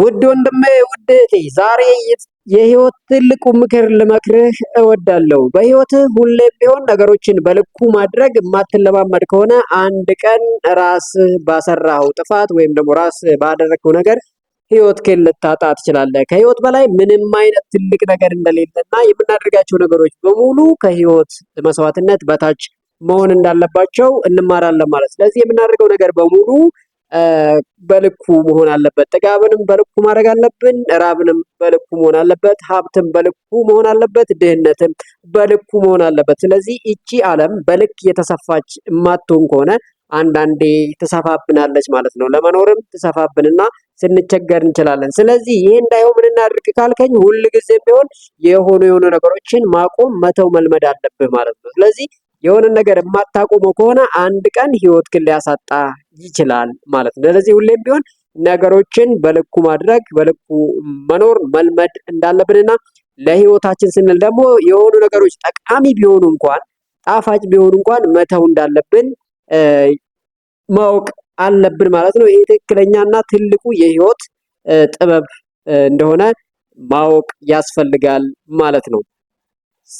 ውድ ወንድሜ ውድ እህቴ ዛሬ የህይወት ትልቁ ምክር ልመክርህ እወዳለሁ። በህይወትህ ሁሌም ቢሆን ነገሮችን በልኩ ማድረግ የማትለማመድ ከሆነ አንድ ቀን ራስ ባሰራኸው ጥፋት ወይም ደግሞ ራስ ባደረግከው ነገር ህይወትህን ልታጣ ትችላለህ። ከህይወት በላይ ምንም አይነት ትልቅ ነገር እንደሌለና የምናደርጋቸው ነገሮች በሙሉ ከህይወት መስዋዕትነት በታች መሆን እንዳለባቸው እንማራለን ማለት። ስለዚህ የምናደርገው ነገር በሙሉ በልኩ መሆን አለበት። ጥጋብንም በልኩ ማድረግ አለብን። ራብንም በልኩ መሆን አለበት። ሀብትን በልኩ መሆን አለበት። ድህነትን በልኩ መሆን አለበት። ስለዚህ እቺ ዓለም በልክ የተሰፋች የማትሆን ከሆነ አንዳንዴ ትሰፋብናለች ማለት ነው። ለመኖርም ትሰፋብንና ስንቸገር እንችላለን። ስለዚህ ይህ እንዳይሆን ምን እናድርግ ካልከኝ፣ ሁልጊዜም ቢሆን የሆኑ የሆኑ ነገሮችን ማቆም መተው መልመድ አለብህ ማለት ነው። ስለዚህ የሆነ ነገር የማታቆመው ከሆነ አንድ ቀን ህይወትህን ሊያሳጣ ይችላል ማለት ነው። ስለዚህ ሁሌም ቢሆን ነገሮችን በልኩ ማድረግ በልኩ መኖር መልመድ እንዳለብንና ለህይወታችን ስንል ደግሞ የሆኑ ነገሮች ጠቃሚ ቢሆኑ እንኳን ጣፋጭ ቢሆኑ እንኳን መተው እንዳለብን ማወቅ አለብን ማለት ነው። ይሄ ትክክለኛና ትልቁ የህይወት ጥበብ እንደሆነ ማወቅ ያስፈልጋል ማለት ነው።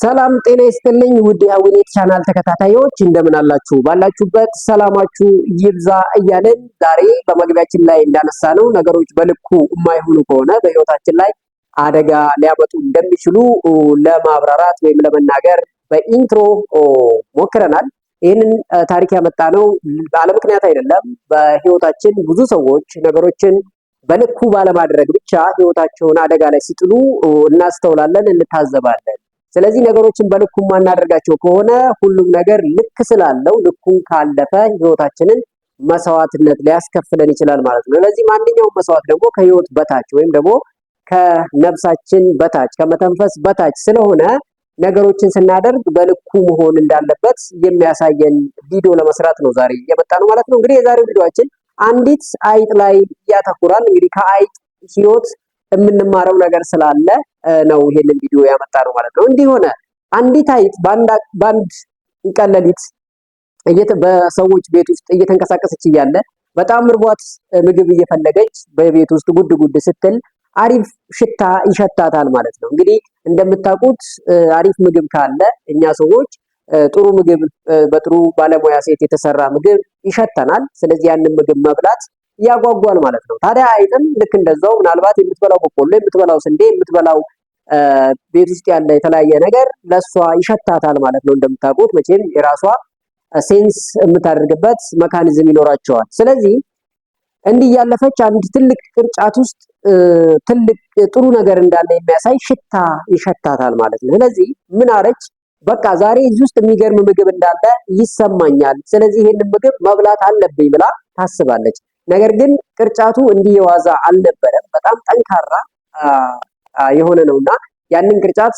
ሰላም ጤና ይስጥልኝ ውድ የአዊኔት ቻናል ተከታታዮች እንደምን አላችሁ? ባላችሁበት ሰላማችሁ ይብዛ እያለን ዛሬ በመግቢያችን ላይ እንዳነሳ ነው ነገሮች በልኩ የማይሆኑ ከሆነ በህይወታችን ላይ አደጋ ሊያመጡ እንደሚችሉ ለማብራራት ወይም ለመናገር በኢንትሮ ሞክረናል። ይህንን ታሪክ ያመጣ ነው ምክንያት አይደለም። በህይወታችን ብዙ ሰዎች ነገሮችን በልኩ ባለማድረግ ብቻ ህይወታቸውን አደጋ ላይ ሲጥሉ እናስተውላለን፣ እንታዘባለን። ስለዚህ ነገሮችን በልኩ ማናደርጋቸው ከሆነ ሁሉም ነገር ልክ ስላለው ልኩን ካለፈ ህይወታችንን መስዋዕትነት ሊያስከፍለን ይችላል ማለት ነው። ስለዚህ ማንኛውም መስዋዕት ደግሞ ከህይወት በታች ወይም ደግሞ ከነፍሳችን በታች ከመተንፈስ በታች ስለሆነ ነገሮችን ስናደርግ በልኩ መሆን እንዳለበት የሚያሳየን ቪዲዮ ለመስራት ነው ዛሬ እየመጣ ነው ማለት ነው። እንግዲህ የዛሬው ቪዲዮችን አንዲት አይጥ ላይ ያተኩራል። እንግዲህ ከአይጥ ህይወት የምንማረው ነገር ስላለ ነው ይሄንን ቪዲዮ ያመጣ ነው ማለት ነው። እንዲህ ሆነ። አንዲት አይት በአንድ ቀን ሌሊት በሰዎች ቤት ውስጥ እየተንቀሳቀሰች እያለ በጣም ርቧት ምግብ እየፈለገች በቤት ውስጥ ጉድ ጉድ ስትል አሪፍ ሽታ ይሸታታል ማለት ነው። እንግዲህ እንደምታውቁት አሪፍ ምግብ ካለ እኛ ሰዎች ጥሩ ምግብ በጥሩ ባለሙያ ሴት የተሰራ ምግብ ይሸተናል። ስለዚህ ያንን ምግብ መብላት ያጓጓል ማለት ነው። ታዲያ አይጥም ልክ እንደዛው ምናልባት የምትበላው በቆሎ፣ የምትበላው ስንዴ፣ የምትበላው ቤት ውስጥ ያለ የተለያየ ነገር ለእሷ ይሸታታል ማለት ነው። እንደምታውቁት መቼም የራሷ ሴንስ የምታደርግበት መካኒዝም ይኖራቸዋል። ስለዚህ እንዲህ ያለፈች አንድ ትልቅ ቅርጫት ውስጥ ትልቅ ጥሩ ነገር እንዳለ የሚያሳይ ሽታ ይሸታታል ማለት ነው። ስለዚህ ምን አረች? በቃ ዛሬ እዚህ ውስጥ የሚገርም ምግብ እንዳለ ይሰማኛል፣ ስለዚህ ይህንን ምግብ መብላት አለብኝ ብላ ታስባለች። ነገር ግን ቅርጫቱ እንዲህ የዋዛ አልነበረም። በጣም ጠንካራ የሆነ ነው እና ያንን ቅርጫት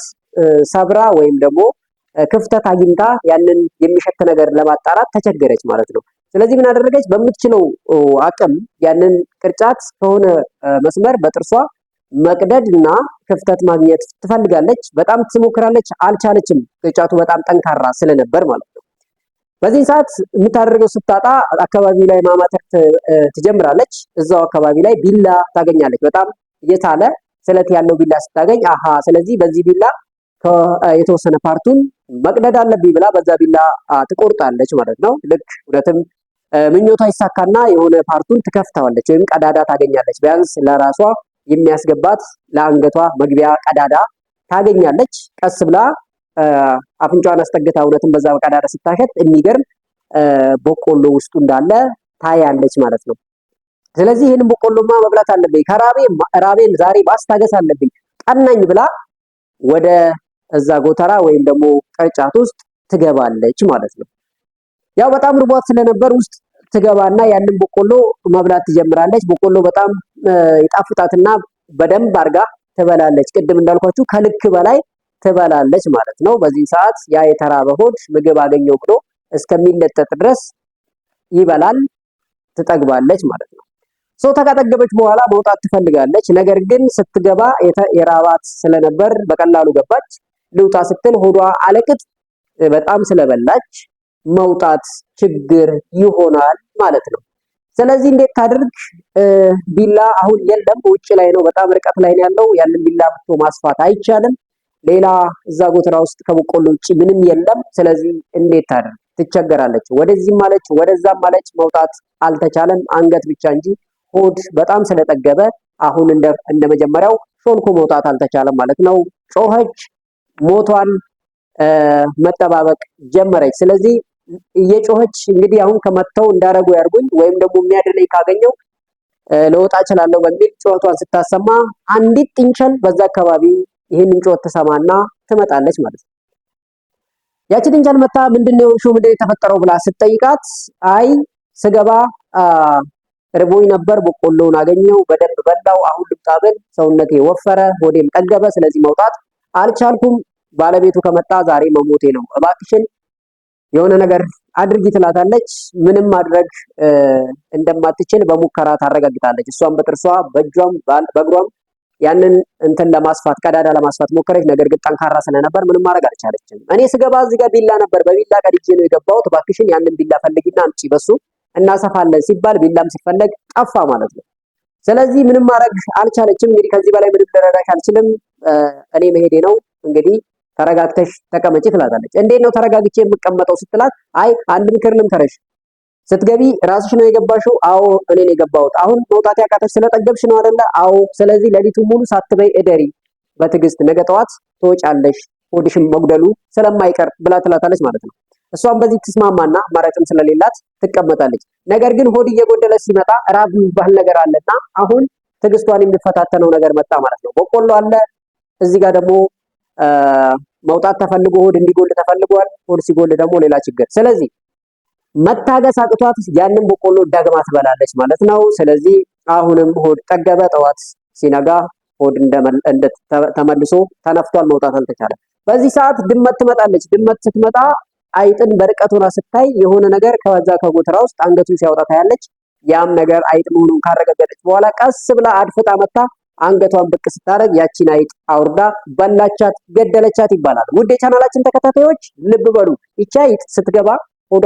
ሰብራ ወይም ደግሞ ክፍተት አግኝታ ያንን የሚሸት ነገር ለማጣራት ተቸገረች ማለት ነው። ስለዚህ ምን አደረገች? በምትችለው አቅም ያንን ቅርጫት ከሆነ መስመር በጥርሷ መቅደድ እና ክፍተት ማግኘት ትፈልጋለች። በጣም ትሞክራለች፣ አልቻለችም። ቅርጫቱ በጣም ጠንካራ ስለነበር ማለት ነው። በዚህ ሰዓት የምታደርገው ስታጣ አካባቢ ላይ ማማተር ትጀምራለች። እዛው አካባቢ ላይ ቢላ ታገኛለች። በጣም የታለ ስለት ያለው ቢላ ስታገኝ አሀ፣ ስለዚህ በዚህ ቢላ የተወሰነ ፓርቱን መቅደድ አለብኝ ብላ በዛ ቢላ ትቆርጣለች ማለት ነው። ልክ እውነትም ምኞቷ ይሳካና የሆነ ፓርቱን ትከፍተዋለች ወይም ቀዳዳ ታገኛለች። ቢያንስ ለራሷ የሚያስገባት ለአንገቷ መግቢያ ቀዳዳ ታገኛለች። ቀስ ብላ አፍንጫዋን አስጠግታ እውነትን በዛ በቀዳዳ ስታሸት የሚገርም በቆሎ ውስጡ እንዳለ ታያለች ማለት ነው። ስለዚህ ይህንን በቆሎማ መብላት አለብኝ፣ ከራቤ ራቤን ዛሬ ማስታገስ አለብኝ፣ ቀናኝ ብላ ወደ እዛ ጎተራ ወይም ደግሞ ቅርጫት ውስጥ ትገባለች ማለት ነው። ያው በጣም ርቧት ስለነበር ውስጥ ትገባና ያንን በቆሎ መብላት ትጀምራለች። በቆሎ በጣም ይጣፍጣትና በደንብ አርጋ ትበላለች። ቅድም እንዳልኳችሁ ከልክ በላይ ትበላለች ማለት ነው። በዚህ ሰዓት ያ የተራበ ሆድ ምግብ አገኘው ብሎ እስከሚለጠጥ ድረስ ይበላል፣ ትጠግባለች ማለት ነው። ሶ ከጠገበች በኋላ መውጣት ትፈልጋለች። ነገር ግን ስትገባ የራባት ስለነበር በቀላሉ ገባች። ልውጣ ስትል ሆዷ አለቅጥ በጣም ስለበላች መውጣት ችግር ይሆናል ማለት ነው። ስለዚህ እንዴት ታድርግ? ቢላ አሁን የለም፣ ውጭ ላይ ነው፣ በጣም ርቀት ላይ ነው ያለው። ያንን ቢላ ብቶ ማስፋት አይቻልም። ሌላ እዛ ጎተራ ውስጥ ከበቆሎ ውጭ ምንም የለም። ስለዚህ እንዴት ታደርግ ትቸገራለች። ወደዚህም ማለች ወደዛም ማለች መውጣት አልተቻለም። አንገት ብቻ እንጂ ሆድ በጣም ስለጠገበ አሁን እንደ መጀመሪያው ሾልኮ መውጣት አልተቻለም ማለት ነው። ጮኸች፣ ሞቷን መጠባበቅ ጀመረች። ስለዚህ እየጮኸች እንግዲህ አሁን ከመተው እንዳረጉ ያርጉኝ ወይም ደግሞ የሚያድነኝ ካገኘው ልወጣ እችላለሁ በሚል ጩኸቷን ስታሰማ አንዲት ጥንቸል በዛ አካባቢ ይህንን ጮት ትሰማና ትመጣለች ማለት ነው። ያቺ ድንጃል መታ ምንድነው ሹ ምንድን የተፈጠረው ብላ ስትጠይቃት አይ ስገባ ርቦኝ ነበር፣ በቆሎውን አገኘው፣ በደንብ በላው። አሁን ልብጣ ብል ሰውነቴ ወፈረ፣ ሆዴም ጠገበ፣ ስለዚህ መውጣት አልቻልኩም። ባለቤቱ ከመጣ ዛሬ መሞቴ ነው፣ እባክሽን የሆነ ነገር አድርጊ ትላታለች። ምንም ማድረግ እንደማትችል በሙከራ ታረጋግጣለች። እሷም በጥርሷ በእጇም በእግሯም ያንን እንትን ለማስፋት ቀዳዳ ለማስፋት ሞከረች። ነገር ግን ጠንካራ ስለነበር ምንም ማድረግ አልቻለችም። እኔ ስገባ እዚህ ጋር ቢላ ነበር፣ በቢላ ቀድጄ ነው የገባሁት። እባክሽን ያንን ቢላ ፈልጊና አምጪ፣ በሱ እናሰፋለን ሲባል ቢላም ሲፈለግ ጠፋ ማለት ነው። ስለዚህ ምንም ማድረግ አልቻለችም። እንግዲህ ከዚህ በላይ ምንም ልረዳሽ አልችልም፣ እኔ መሄዴ ነው እንግዲህ ተረጋግተሽ ተቀመጪ ትላታለች። እንዴት ነው ተረጋግቼ የምቀመጠው ስትላት፣ አይ አንድ ምክር ልምከርሽ ስትገቢ ራስሽ ነው የገባሽው? አዎ እኔ የገባሁት። አሁን መውጣት ያቃተሽ ስለጠገብሽ ነው አደለ አዎ። ስለዚህ ሌሊቱ ሙሉ ሳትበይ እደሪ በትዕግስት ነገ ጠዋት ትወጫለሽ፣ ሆድሽም መጉደሉ ስለማይቀር ብላ ትላታለች ማለት ነው። እሷም በዚህ ትስማማና አማራጭም ስለሌላት ትቀመጣለች። ነገር ግን ሆድ እየጎደለች ሲመጣ ራብ የሚባል ነገር አለና አሁን ትዕግስቷን የሚፈታተነው ነገር መጣ ማለት ነው። በቆሎ አለ እዚህ ጋር ደግሞ መውጣት ተፈልጎ ሆድ እንዲጎል ተፈልጓል። ሆድ ሲጎል ደግሞ ሌላ ችግር። ስለዚህ መታገስ አቅቷት ያንን በቆሎ ዳግማ ትበላለች ማለት ነው። ስለዚህ አሁንም ሆድ ጠገበ። ጠዋት ሲነጋ ሆድ እንደ ተመልሶ ተነፍቷል፣ መውጣት አልተቻለም። በዚህ ሰዓት ድመት ትመጣለች። ድመት ስትመጣ አይጥን በርቀት ሆና ስታይ የሆነ ነገር ከዛ ከጎተራ ውስጥ አንገቱን ሲያወጣ ታያለች። ያም ነገር አይጥ መሆኑን ካረጋገጠች በኋላ ቀስ ብላ አድፍጣ መታ አንገቷን ብቅ ስታደርግ ያቺን አይጥ አውርዳ በላቻት፣ ገደለቻት ይባላል። ውድ የቻናላችን ተከታታዮች ልብ በሉ፣ ይቺ አይጥ ስትገባ ሆዷ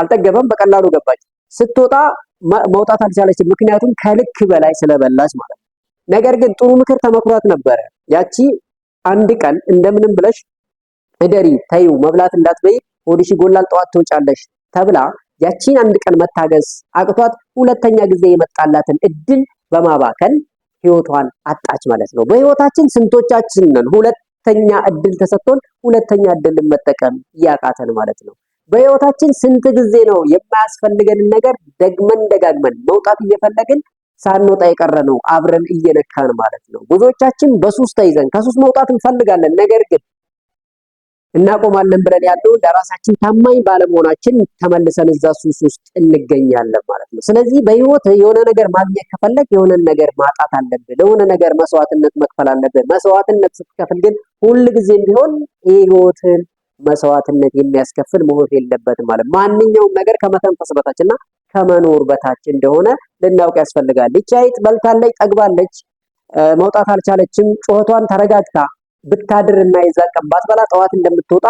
አልጠገበም፣ በቀላሉ ገባች። ስትወጣ መውጣት አልቻለችም፣ ምክንያቱም ከልክ በላይ ስለበላች ማለት ነው። ነገር ግን ጥሩ ምክር ተመክሯት ነበረ። ያቺ አንድ ቀን እንደምንም ብለሽ እደሪ፣ ተይው፣ መብላት እንዳትበይ፣ ሆድሽ ይጎላል፣ ጠዋት ትወጫለሽ ተብላ ያቺን አንድ ቀን መታገስ አቅቷት ሁለተኛ ጊዜ የመጣላትን እድል በማባከል ህይወቷን አጣች ማለት ነው። በህይወታችን ስንቶቻችንን ሁለት ሁለተኛ እድል ተሰጥቶን ሁለተኛ እድልን መጠቀም ያቃተን ማለት ነው። በህይወታችን ስንት ጊዜ ነው የማያስፈልገንን ነገር ደግመን ደጋግመን መውጣት እየፈለግን ሳንወጣ የቀረ ነው አብረን እየነካን ማለት ነው። ብዙዎቻችን በሱስ ተይዘን ከሱስ መውጣት እንፈልጋለን፣ ነገር ግን እናቆማለን ብለን ያለው ለራሳችን ታማኝ ባለመሆናችን ተመልሰን እዛ ሱስ ውስጥ እንገኛለን ማለት ነው። ስለዚህ በህይወት የሆነ ነገር ማግኘት ከፈለግ የሆነ ነገር ማጣት አለብህ። ለሆነ ነገር መስዋዕትነት መክፈል አለብህ። መስዋዕትነት ስትከፍል ግን ጊዜም ቢሆን ህይወትን መስዋዕትነት የሚያስከፍል መሆን የለበትም ማለት ማንኛውም ነገር ከመተንፈስ በታች እና ከመኖር በታች እንደሆነ ልናውቅ ያስፈልጋል። ይቺ አይጥ በልታለች፣ ጠግባለች፣ መውጣት አልቻለችም። ጩኸቷን ተረጋግታ ብታድር እና የዛን ቀን ባትበላ ጠዋት እንደምትወጣ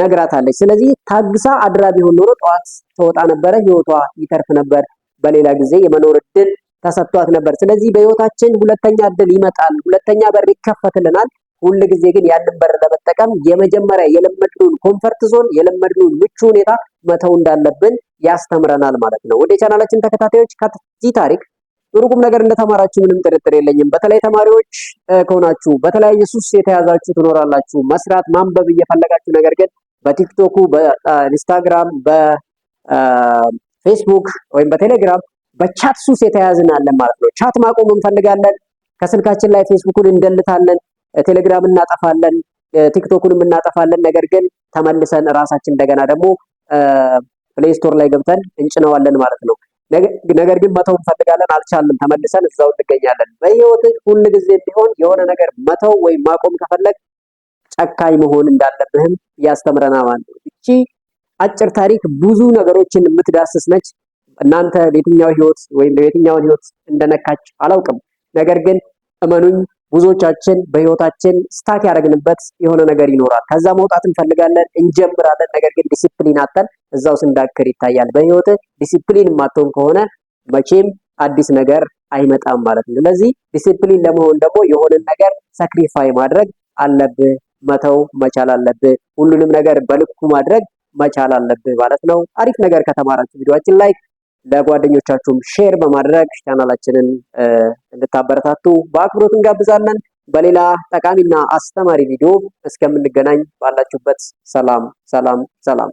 ነግራታለች። ስለዚህ ታግሳ አድራ ቢሆን ኖሮ ጠዋት ተወጣ ነበረ፣ ህይወቷ ይተርፍ ነበር። በሌላ ጊዜ የመኖር እድል ተሰጥቷት ነበር። ስለዚህ በህይወታችን ሁለተኛ እድል ይመጣል፣ ሁለተኛ በር ይከፈትልናል። ሁል ጊዜ ግን ያንን በር ለመጠቀም የመጀመሪያ የለመድነውን ኮንፈርት ዞን የለመድነውን ምቹ ሁኔታ መተው እንዳለብን ያስተምረናል ማለት ነው። ወደ ቻናላችን ተከታታዮች ከዚህ ታሪክ ጥሩቁም ነገር እንደተማራችሁ ምንም ጥርጥር የለኝም። በተለይ ተማሪዎች ከሆናችሁ በተለያየ ሱስ የተያዛችሁ ትኖራላችሁ። መስራት ማንበብ እየፈለጋችሁ ነገር ግን በቲክቶኩ፣ በኢንስታግራም፣ በፌስቡክ ወይም በቴሌግራም በቻት ሱስ የተያዝን አለን ማለት ነው። ቻት ማቆም እንፈልጋለን። ከስልካችን ላይ ፌስቡኩን እንደልታለን፣ ቴሌግራም እናጠፋለን፣ ቲክቶኩንም እናጠፋለን። ነገር ግን ተመልሰን ራሳችን እንደገና ደግሞ ፕሌይ ስቶር ላይ ገብተን እንጭነዋለን ማለት ነው። ነገር ግን መተው እንፈልጋለን፣ አልቻለም ተመልሰን እዛው እንገኛለን። በህይወት ሁል ጊዜ ቢሆን የሆነ ነገር መተው ወይም ማቆም ከፈለግ ጨካኝ መሆን እንዳለብህም ያስተምረና ማለት ነው። እቺ አጭር ታሪክ ብዙ ነገሮችን የምትዳስስ ነች። እናንተ የትኛው ህይወት ወይም ቤተኛው ህይወት እንደነካች አላውቅም። ነገር ግን እመኑኝ ብዙዎቻችን በህይወታችን ስታክ ያደረግንበት የሆነ ነገር ይኖራል። ከዛ መውጣት እንፈልጋለን፣ እንጀምራለን። ነገር ግን ዲሲፕሊን አጠን እዛው ስንዳክር ይታያል። በህይወት ዲሲፕሊን ማትሆን ከሆነ መቼም አዲስ ነገር አይመጣም ማለት ነው። ስለዚህ ዲሲፕሊን ለመሆን ደግሞ የሆነን ነገር ሳክሪፋይ ማድረግ አለብህ፣ መተው መቻል አለብህ፣ ሁሉንም ነገር በልኩ ማድረግ መቻል አለብህ ማለት ነው። አሪፍ ነገር ከተማራችሁ ቪዲዮአችን ላይ ለጓደኞቻችሁም ሼር በማድረግ ቻናላችንን እንድታበረታቱ በአክብሮት እንጋብዛለን። በሌላ ጠቃሚና አስተማሪ ቪዲዮ እስከምንገናኝ ባላችሁበት ሰላም ሰላም ሰላም።